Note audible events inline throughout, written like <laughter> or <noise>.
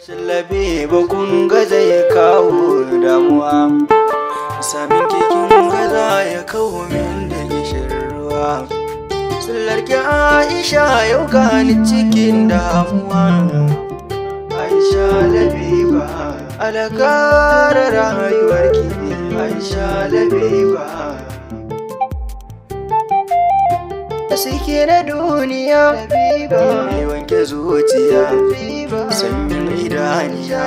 Shallabe ba kun gaza ya kawo damuwa, sabin kekin gaza ya kawo min da gishin ruwa. Sallarki Aisha yau gani cikin damuwa, Aisha labiba, alakarar rayuwarki, Aisha labiba. suke na duniya mai wanke zuciya sanyin idaniya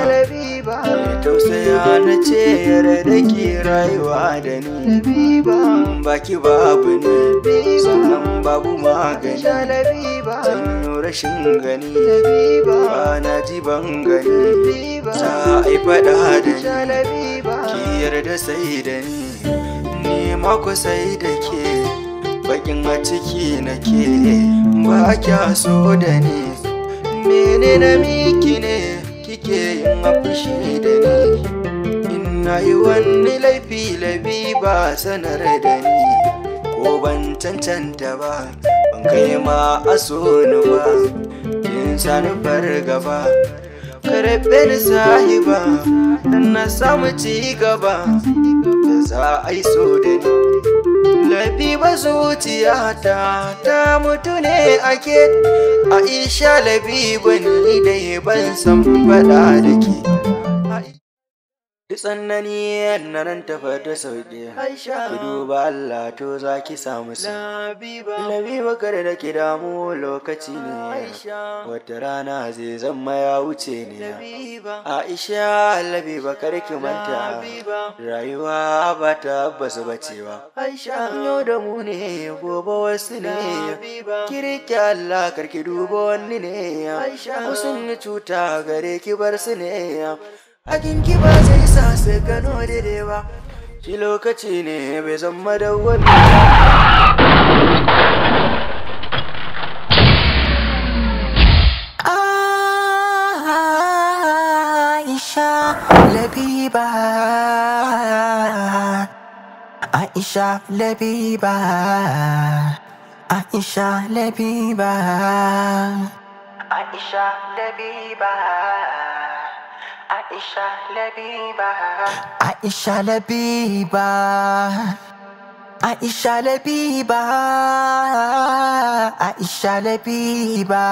mai tausaya na ce da ke rayuwa da ni baki babu ne sannan babu magani sanyo rashin gani ba na ji ban gani za a yi da ni ki yarda sai da ni ni mako sai da ke bakin a nake ba kya so da ni mene na miki ne kike yin afushi da ni ina yi wani laifi laifi ba sanar da ni ko ban cancanta ba ban kai ma a so ba kin sani fargaba karɓe ni sahiba na samu ci gaba da za a yi so da ni Labiba zuciyata ta mutu ne ake Aisha labiban ni da ban san faɗa da tsannani na nan tafa ta sauƙi ki duba Allah to za ki samu su labi kare da ki damu lokaci ne wata rana zai zama ya wuce ne Aisha labi kare ki manta rayuwa ba ta basu bacewa yau da mu ne gobe wasu ne ki rike Allah karki duba wani ne wasu cuta gare ki bar su ne Akin ki ba zai sa sai gano lokaci ne bai Aisha Labiba Aisha Labiba Aisha Labiba Aisha Labiba Aisha Labiba Aisha Labiba Aisha Labiba Aisha Labiba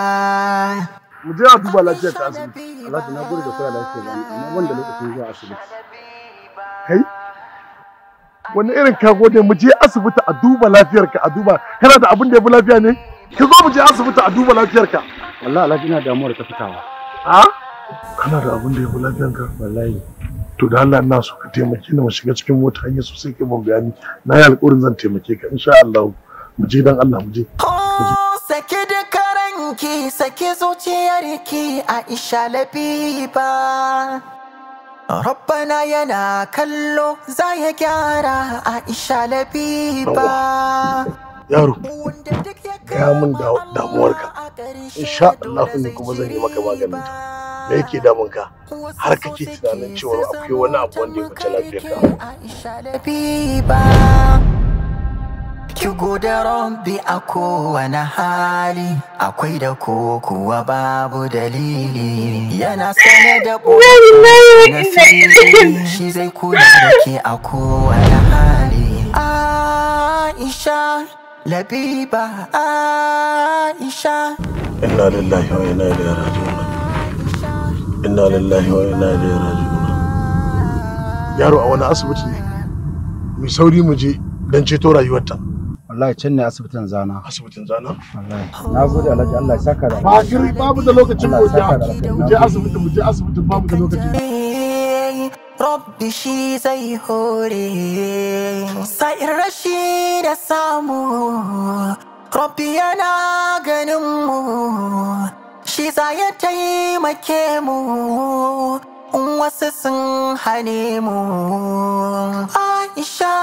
mu je a duba lafiyar ta asibiti Allah na gode da kula lafiyar ta amma wanda lokacin zuwa asibiti kai wani irin kago ne mu je asibiti a duba lafiyarka a duba kana da abin da ya fi lafiya ne ki zo mu je asibiti a duba lafiyarka wallahi alhaji ina damuwar da ta fitawa Ah? kana da abin da ya fi lafiyanka wallahi to da Allah ina so ka taimake ni mu shiga cikin mota hanya sosai ke mun gani na yi alƙawarin zan taimake ka insha Allah mu je dan Allah mu je saki da karanki saki zuciyarki Aisha Labiba Rabbana yana kallo za ya gyara Aisha Labiba yaro gaya min damuwarka sha Allah ne kuma zan yi maka maganin ta me yake damun ka har kake tunanin cewa akwai wani abu wanda ya wuce lafiyar ka Ki gode rombi a kowane hali akwai da ko kuwa babu dalili yana sane da na shi zai kula da ke a kowane hali Aisha Labiba Aisha. Inna lillahi wa inna ilaihi raji'un. Inna lillahi wa inna ilaihi raji'un. Yaro a wani asibiti ne. Mu sauri mu je don ceto rayuwarta. Wallahi can ne asibitin zana. Asibitin zana? Wallahi. Na gode Alhaji Allah ya saka da. Ba babu da lokacin mu je asibiti mu je asibiti babu da lokacin. Bishi shi zai hore sa'in rashi da samu rabbi yana ganin mu shi za ya taimake mu in wasu sun hane mu aisha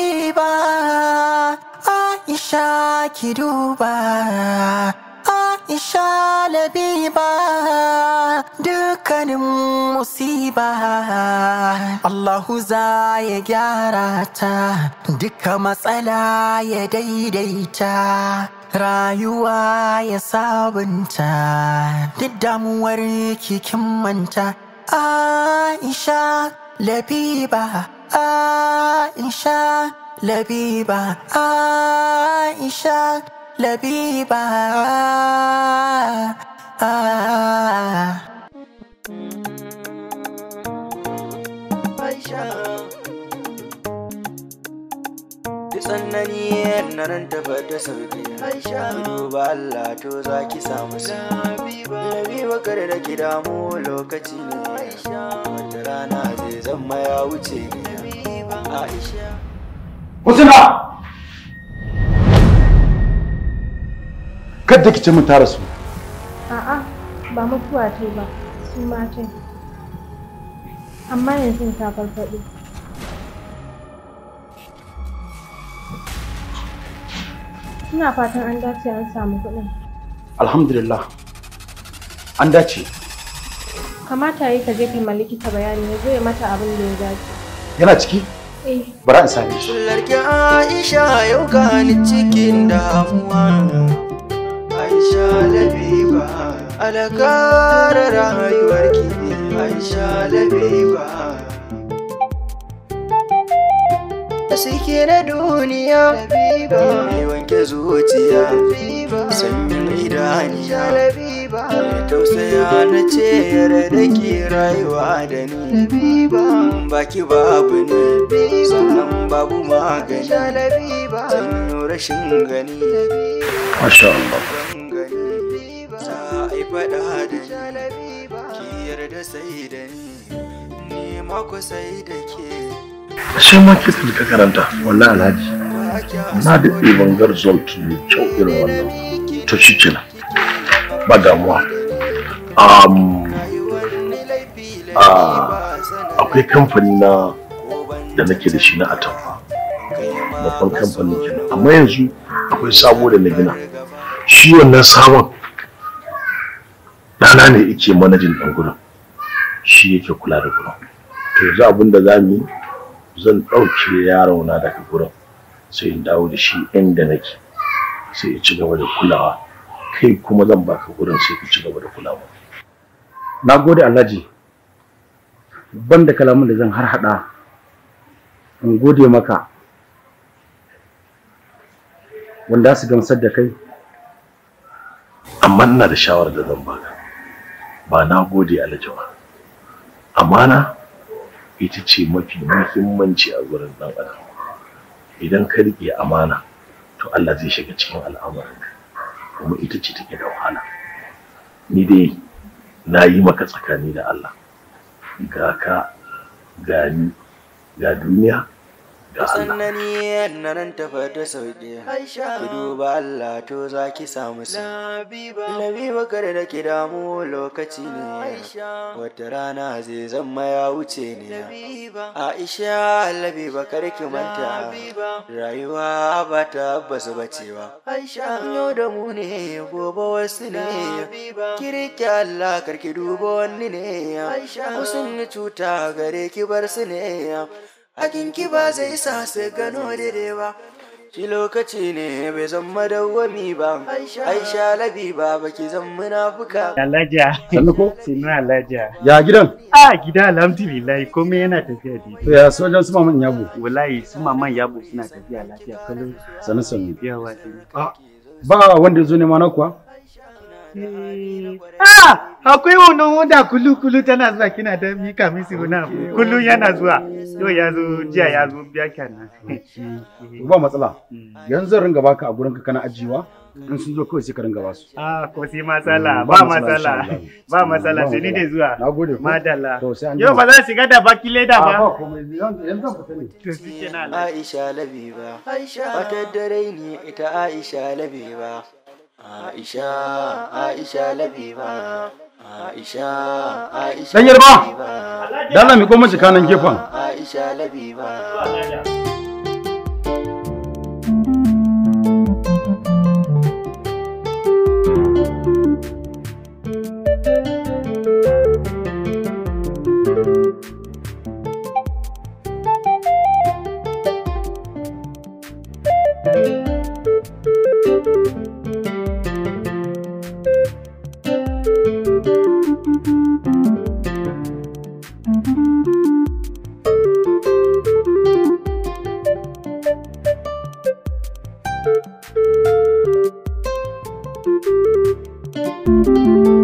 biba aisha ki duba isha labiba dukkanin musiba Allahu za ya gyara ta duka matsala ya daidaita rayuwa ya sabunta duk damuwar kikin manta Aisha labiba Aisha labiba Aisha Labiba Aisha Tsannani na nan da sauki Aisha duba Allah to za samu Labiba Labiba da ki damu lokaci ne Aisha rana zai zama ya wuce ki kice mun tara su a'a ba mutuwa ce ba su ma ce amma yanzu ta farfaɗo ina fatan an dace an samu kuɗin alhamdulillah an dace kamata yi ka je kai ma likita bayani ya zo mata abin da ya dace yana ciki eh. bara in sami shi ki Aisha yau ka ni cikin damuwa alakara rayuwarki aisha labiba suke na duniya mai wanke zuciya sanyin idaniya mai tausaya na cere da ke rayuwa da ni baki babu ne sannan babu magani sanyo rashin gani Masha Allah. faɗa da jalabi ba ki yarda sai da ni ni ma ku sai da ke shi ma ki ka karanta wallahi alhaji na da ɗiban garzalt mai kyau irin wannan to shi kenan ba damuwa akwai kamfani na da nake da shi na atamfa babban kamfanin kenan amma yanzu akwai sabo da na gina shi wannan sabon Dana ne yake manajin ɗan gurin shi yake kula da gurin to yanzu abin da za mu yi zan ɗauke yarona daga gurin sai in dawo da shi inda nake sai ya ci gaba da kulawa kai kuma zan baka gurin sai ka ci gaba da kulawa na gode alhaji ban da kalamun da zan har hada in gode maka wanda su gamsar da kai amma ina da shawarar da zan baka ba na gode alhaji ba amana ita ce mafi muhimmanci a gurin dan adam idan ka riƙe amana to Allah zai shiga cikin al'amarin kuma ita ce take da wahala ni dai na yi maka tsakani da Allah ga ka ga ni ga duniya Sannan na nan tafa ta sauƙi. ki duba Allah to za ki samu su. Labiba kada da ki damu lokaci ne, wata rana zai zama ya wuce ne. Aisha Labiba kada ki manta, rayuwa ba ta basu bacewa. Yau da mu ne, gobe wasu ne, kirki Allah karki duba wani ne, ni cuta gare ki bar su ne. hakinki ba zai sa su gano daidai ba shi lokaci ne bai zan madawwami ba aisha labi ba baki zan munafuka alaja sannu ko Sannu Alhaji. ya gidan a gida alhamdulillah komai yana tafiya da to ya jan su maman yabo wallahi su maman yabo suna tafiya lafiya kallon sannu sannu yawa ba wanda ya zo ne ma na kuwa Ah, akwai wannan wanda kullu kullu tana zuwa kina da ka mi wani na Kullu yana zuwa. Yau ya zo jiya ya zo biya kenan. Ba matsala. Hmm. Yanzu ringa baka a ka kana ajiyewa. in sun zo kawai sai ka ringa su. Ah, ko sai matsala, hmm. ba matsala, ba matsala, sai ni ne zuwa. Na gode. Madalla. Yau ba zan shiga da baki leda ba. Ah, ba komai, yanzu fita ne. To shi kenan. Aisha Labiba, Aisha. Wata dare ne ita Aisha Labiba. Aisha, Aisha Labiba. Aisha, Aisha. Dan yarba. Dan lami ko mace kanan gefen. Aisha Labiba. thank you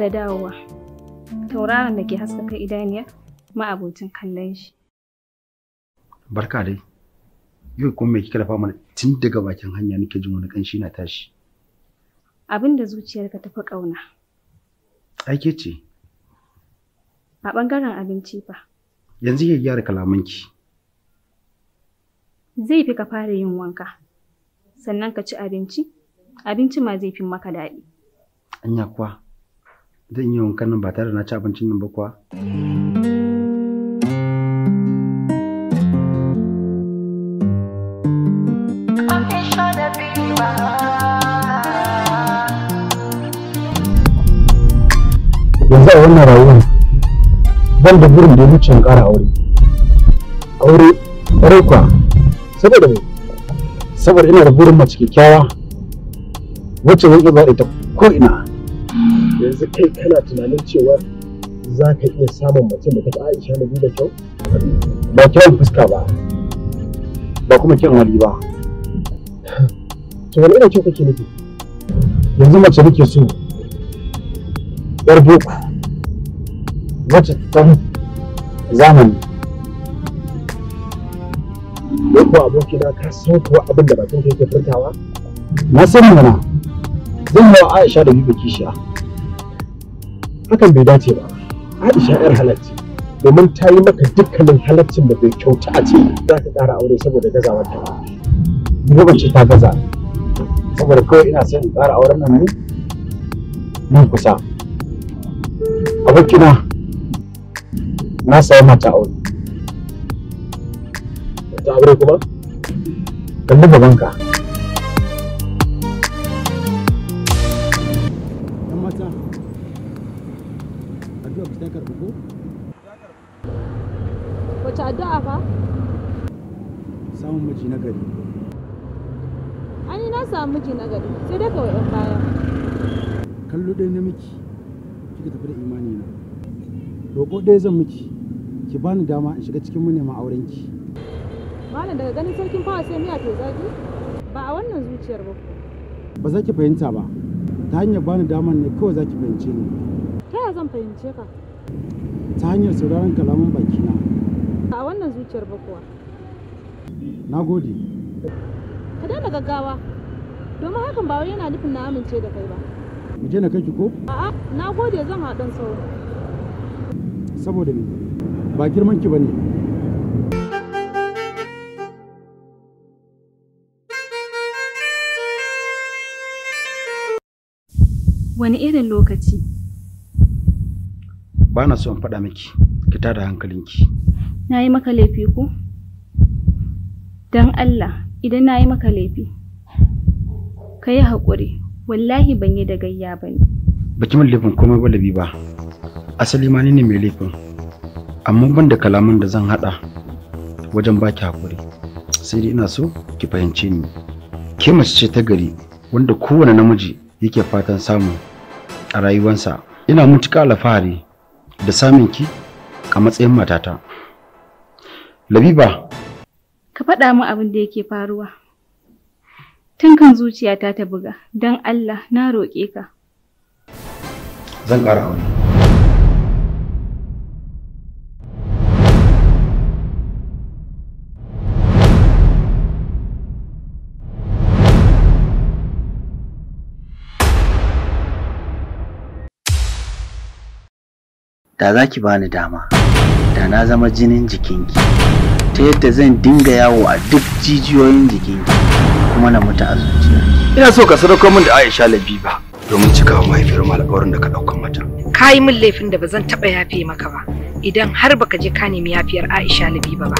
da dawowa. Tauraron da ke haskaka idaniya ma'abocin kallon shi. Barka dai. Yau kuma mai kika mana tun daga bakin hanya nake jin wani kanshi na tashi. Abin da zuciyarka ta fi ƙauna. Aike ce. A ɓangaren abinci fa. Yanzu ya gyara kalamanki. Zai fi ka fara yin wanka, sannan ka ci abinci, abinci ma zai fi maka daɗi. Anya kuwa. zan yi wankan nan ba tare da na ci abincin nan ba kuwa. yanzu a wannan rayuwar ban da burin da ya wuce ƙara aure aure ƙwarai kuwa saboda mai saboda ina da burin mace kyakkyawa wacce zan iya zaɓe ta ko ina yanzu kai kana tunanin cewa za ka iya samun mace da ta aisha na da kyau ba kyau fuska ba ba kuma kyan wani ba to wani ina kyau kake nufi yanzu mace nake so yar boko wacce ta zamani ko kuwa abokina ka san kuwa abin da bakin kai ke furtawa na san mana zan yi wa aisha da bibi kishiya hakan bai dace ba aisha yar halacci domin ta yi maka dukkanin halaccin da bai kyauta a ce za ka ƙara aure saboda gazawar ta ba ce ta gaza saboda kawai ina son in ƙara auren nan ne nan kusa abokina na sayi mata aure ta aure kuma kalli gabanka karɓi ko wace addu'a fa samun miji na gari ani na samu miji na gari sai dai kawai ɗan baya kallo ɗaya na miki kika tafi da imani na roƙo ɗaya zan miki ki bani dama in shiga cikin manema aurenki. malam daga ganin sarkin fawa sai miya to zaki ba a wannan zuciyar ba ba za ki fahimta ba ta hanyar bani damar ne kawai za ki fahimce ni ta yaya zan fahimce ka ta hanyar sauraron kalaman bakina a wannan zuciyar bakuwa na gode ka daina gaggawa domin hakan ba yana nufin na amince da kai ba mu je na kai ki ko a'a na gode zan haɗan sauro saboda ne. ba girman ki bane wani irin lokaci bana na so in faɗa miki ki tada hankalinki na yi maka laifi ko don allah idan na yi maka laifi ka yi haƙuri wallahi ban yi da gayya ba ne ba ki laifin komai ba labi ba asali ma ni ne mai laifin amma ban da kalaman da zan haɗa wajen baki hakuri. sai dai ina so ki fahimci ni ke mace ce ta gari wanda kowane namiji yake fatan samu a rayuwansa ina mutuƙa alfahari da samun ki a matsayin matata. Labiba. Ka faɗa min abin da yake faruwa. Tun kan zuciyata ta buga, don Allah na roƙe ka. Zan ƙara aure. da za ki bani dama da na zama jinin jikinki ta yadda zan dinga yawo a duk jijiyoyin jikinki kuma na mutu a zuciya ina so ka sadaukar min da aisha labiba domin cikawa mahaifiyar mu alƙawarin da ka ɗaukan mata ka yi min laifin da ba zan taɓa yafe maka ba idan har baka je ka nemi yafiyar aisha labiba ba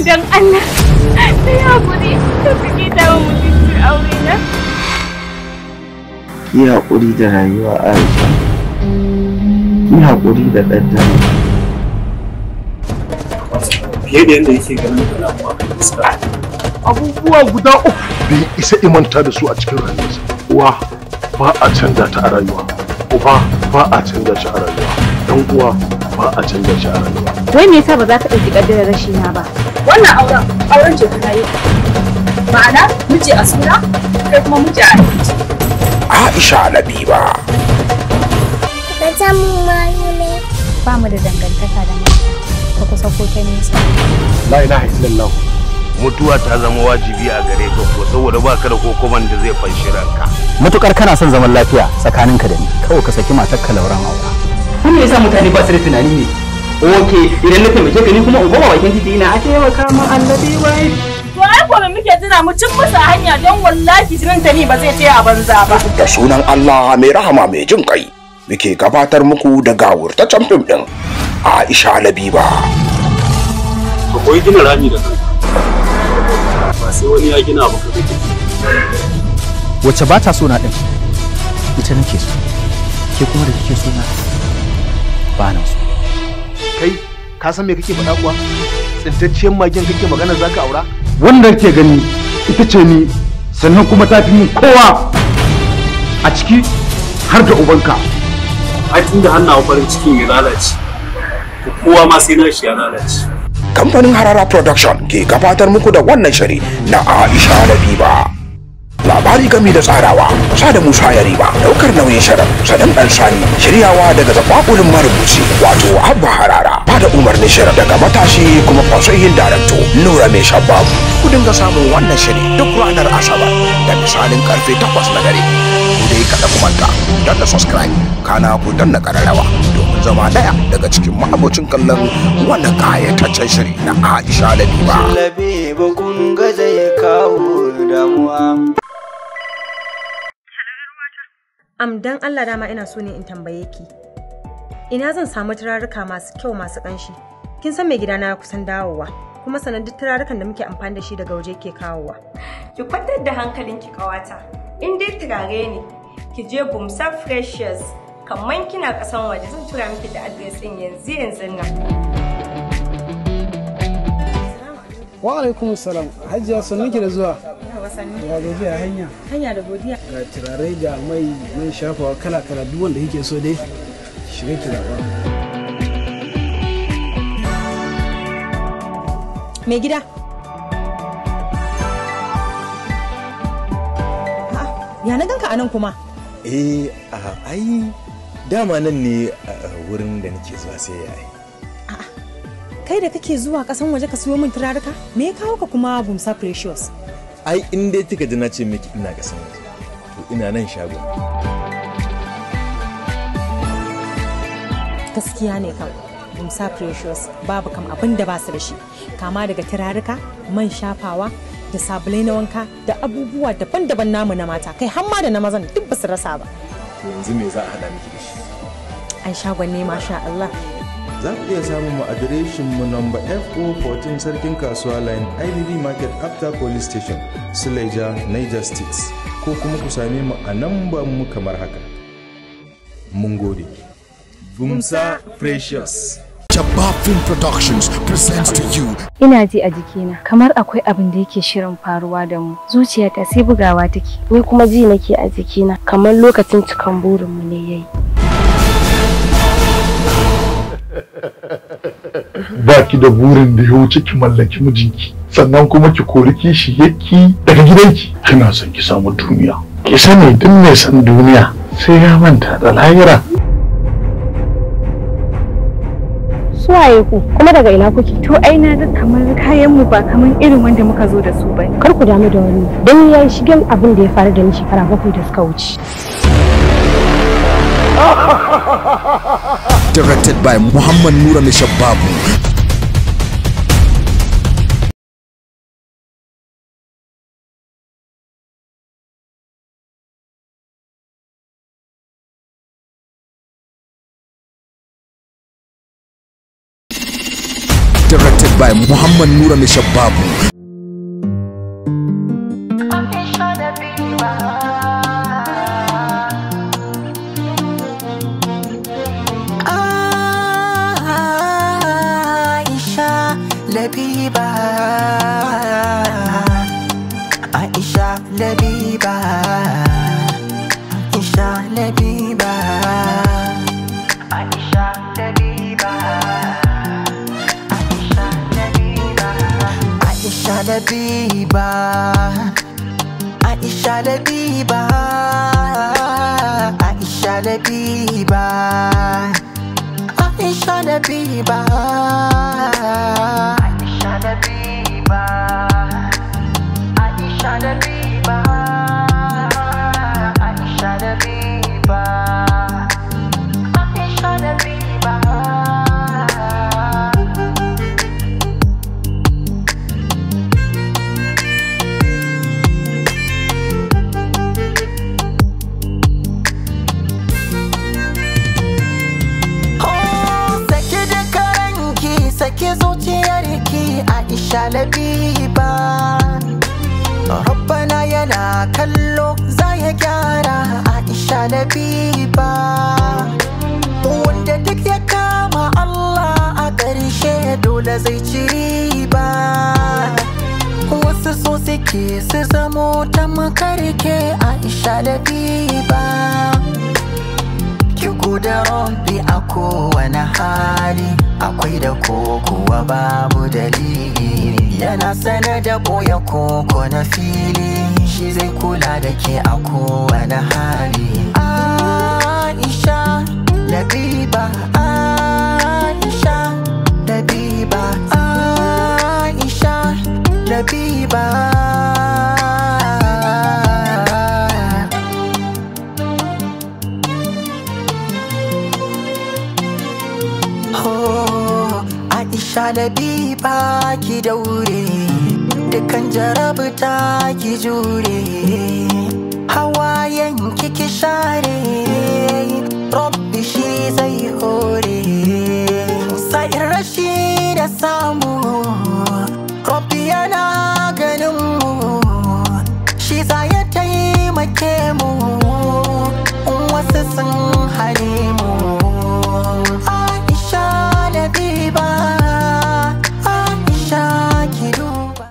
idan allah ta yi haƙuri ta suke dawo mutum aure na yi haƙuri da rayuwa aisha yi haƙuri da ɗaddare. Fiye da yadda yake ganin da kuma kan iska. Abubuwa guda uku bai isa imanta da su a cikin rayuwarsa. Uwa ba a canza ta a rayuwa. Uba ba a canza shi a rayuwa. Dan uwa ba a canza shi a rayuwa. Wai me yasa ba za ka ɗauki ƙaddarar rashi na ba? Wannan auren auren ce ta yi. Ma'ana miji a suna kai kuma miji a aiki. Aisha Labiba. samun mayu Ba mu da dangantaka da mata, ta kusa ko ta nesa. La ilaha illallah. Mutuwa ta zama wajibi a gare ka ko saboda ba ka da kokoman da zai fanshi ranka. Matukar kana son zaman lafiya tsakaninka da ni, kawai ka saki matarka lauran aura. Kun me yasa mutane ba su da tunani ne? Oke, idan na taimake ka ni kuma in goma bakin titi ina a taimaka ma Allah dai wai. To ai ko me muke jira mu cin musu hanya don wallahi jinin ta ni ba zai ce a banza ba. Da sunan Allah mai rahama mai jin kai. muke gabatar muku da gawur ta camfim ɗin Aisha Labiba. Akwai gina rami da ba sai wani ya gina ba kai Wace ba ta na ɗin? Ita nake so, ke kuma da kike sona ba na so. Kai, ka san me kake faɗa kuwa? Tsintacciyar magen kake magana za ka aura? Wanda ke gani ita ce ni sannan kuma ta fi kowa a ciki har da ubanka. ai tun da hannawa farin cikin ya lalace kowa ma sai nashi ya lalace kamfanin harara production ke gabatar muku da wannan shiri na aisha biba. labari game da tsarawa sa da musa ya riba daukar nauyin shirin sadan dan sani shiryawa daga zabakulin marubuci wato abba harara ba da umarnin shirar daga matashi kuma fasihin darakto nura mai shababu ku dinga samun wannan shiri duk ranar asabar da misalin karfe takwas na dare ku dai ka ku manta don da subscribe kana ku na kararrawa domin zama daya daga cikin ma'abocin kallon wannan kayataccen shiri na aisha labiba labiba kun ga zai kawo damuwa am dan Allah dama ina so ne in tambaye ki ina zan samu turaruka masu kyau masu ƙanshi kin san mai gidana ya kusan dawowa kuma sanan duk turarukan da muke amfani da shi daga waje ke kawowa ki kwantar da hankalinki kawata in dai turare ne ki je bumsa freshers kamar kina kasan waje zan tura miki da adres din yanzu yanzu nan wa alaikum salam hajiya sannu ki da zuwa ya hanya hanya da godiya ga turare da mai mai shafawa kala kala duk wanda kike so dai Şirek de Ya na ganka anan kuma? Eh, ai dama nan ne wurin da nake zuwa sai ya yi. Kai da kake zuwa kasan waje ka siyo min turaruka? Me ya kawo ka kuma Bumsa Precious? Ai, in dai kika ji na ce miki ina kasan waje. To ina nan shago gaskiya ne kam Musa Precious babu kam abin da basu da shi kama daga turaruka man shafawa da sabulai na wanka da abubuwa daban-daban namu na mata kai hamma da na mazan duk basu rasa ba yanzu me za a hada miki da shi an shagwanne masha Allah za ku iya samun mu adireshin mu namba fo 14 sarkin kasuwa line ibb market after police station suleja niger state ko kuma ku same mu a namban mu kamar haka mun gode Vumsa Precious. Chabba Film Productions presents to you. Ina ji a jikina kamar akwai abin da yake shirin faruwa da mu. Zuciyata sai bugawa take. Ni kuma ji nake a jikina kamar lokacin cikan burinmu ne yayi. <laughs> ba ki da burin da ya wuce ki mallaki mijinki sannan kuma ki kori kishi yaki daga gidanki kina son ki samu duniya ki sani duk mai san duniya sai ya manta da lahira waye ku kuma daga ina kuke to ai na ga kamar kayan mu ba kamar irin wanda muka zo da su bane kar ku damu da wani dan yayi shigen abin da ya faru da ni shekara bakwai da suka wuce <laughs> directed by Muhammad Nura Mishababu directed by Muhammad Nura Mishababu. Labiba Aisha Labiba Aisha Labiba Aisha Labiba sha na ba rabbana yana kallo za ya gyara aisha na ba wanda duk ya kama allah a ƙarshe dole zai ci ba wasu so suke su zamo tamkar ke aisha na ba da rompi a kowane hali akwai da ko babu dalili yana sana da boya koko na fili shi zai kula da ke a kowane hali aisha labiba aisha labiba aisha labiba da ki daure dukan jarabta ki jure hawayen kiki share rabbi shi zai hore sa'in rashi da samu rabbi yana ganin mu shi za ya taimake mu wasu sun hare mu Aisha da Biba